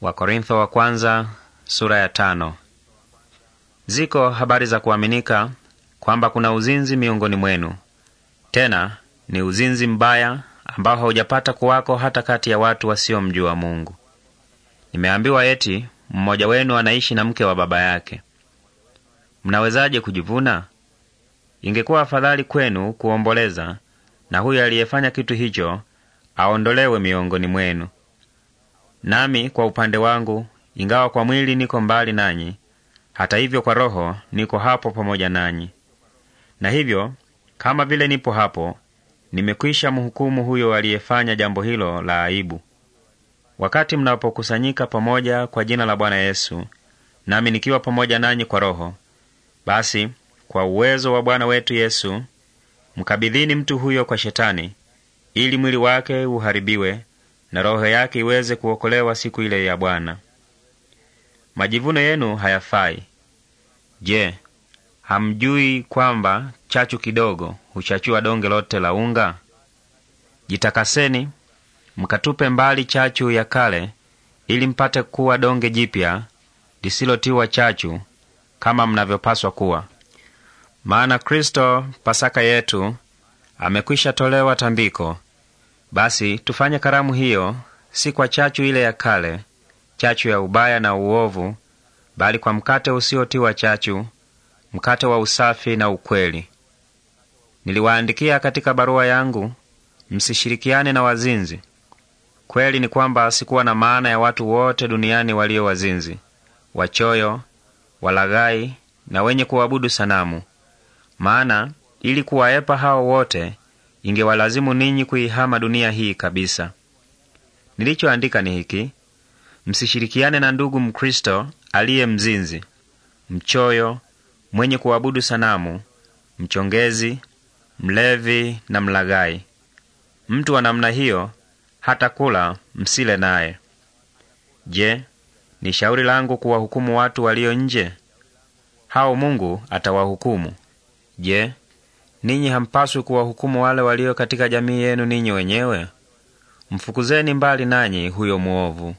Wakorintho wa kwanza, sura ya tano. Ziko habari za kuaminika kwamba kuna uzinzi miongoni mwenu, tena ni uzinzi mbaya ambao haujapata kuwako hata kati ya watu wasiomjua Mungu. Nimeambiwa eti mmoja wenu anaishi na mke wa baba yake. Mnawezaje kujivuna? Ingekuwa afadhali kwenu kuomboleza na huyo aliyefanya kitu hicho aondolewe miongoni mwenu. Nami kwa upande wangu, ingawa kwa mwili niko mbali nanyi, hata hivyo kwa roho niko hapo pamoja nanyi. Na hivyo kama vile nipo hapo, nimekwisha mhukumu huyo aliyefanya jambo hilo la aibu. Wakati mnapokusanyika pamoja kwa jina la Bwana Yesu, nami nikiwa pamoja nanyi kwa roho, basi kwa uwezo wa Bwana wetu Yesu mkabidhini mtu huyo kwa Shetani, ili mwili wake uharibiwe na roho yake iweze kuokolewa siku ile ya Bwana. Majivuno yenu hayafai. Je, hamjui kwamba chachu kidogo huchachua donge lote la unga? Jitakaseni mkatupe mbali chachu ya kale, ili mpate kuwa donge jipya lisilotiwa chachu, kama mnavyopaswa kuwa. Maana Kristo Pasaka yetu amekwisha tolewa tambiko basi tufanye karamu hiyo si kwa chachu ile ya kale, chachu ya ubaya na uovu, bali kwa mkate usiotiwa chachu, mkate wa usafi na ukweli. Niliwaandikia katika barua yangu, msishirikiane na wazinzi. Kweli ni kwamba sikuwa na maana ya watu wote duniani walio wazinzi, wachoyo, walaghai na wenye kuabudu sanamu. Maana ili kuwaepa hao wote ingewalazimu ninyi kuihama dunia hii kabisa. Nilichoandika ni hiki: msishirikiane na ndugu Mkristo aliye mzinzi, mchoyo, mwenye kuabudu sanamu, mchongezi, mlevi na mlagai. Mtu wa namna hiyo hata kula msile naye. Je, ni shauri langu kuwahukumu watu walio nje? Hao Mungu atawahukumu. Je, Ninyi hampaswi kuwahukumu wale walio katika jamii yenu ninyi wenyewe? Mfukuzeni mbali nanyi huyo mwovu.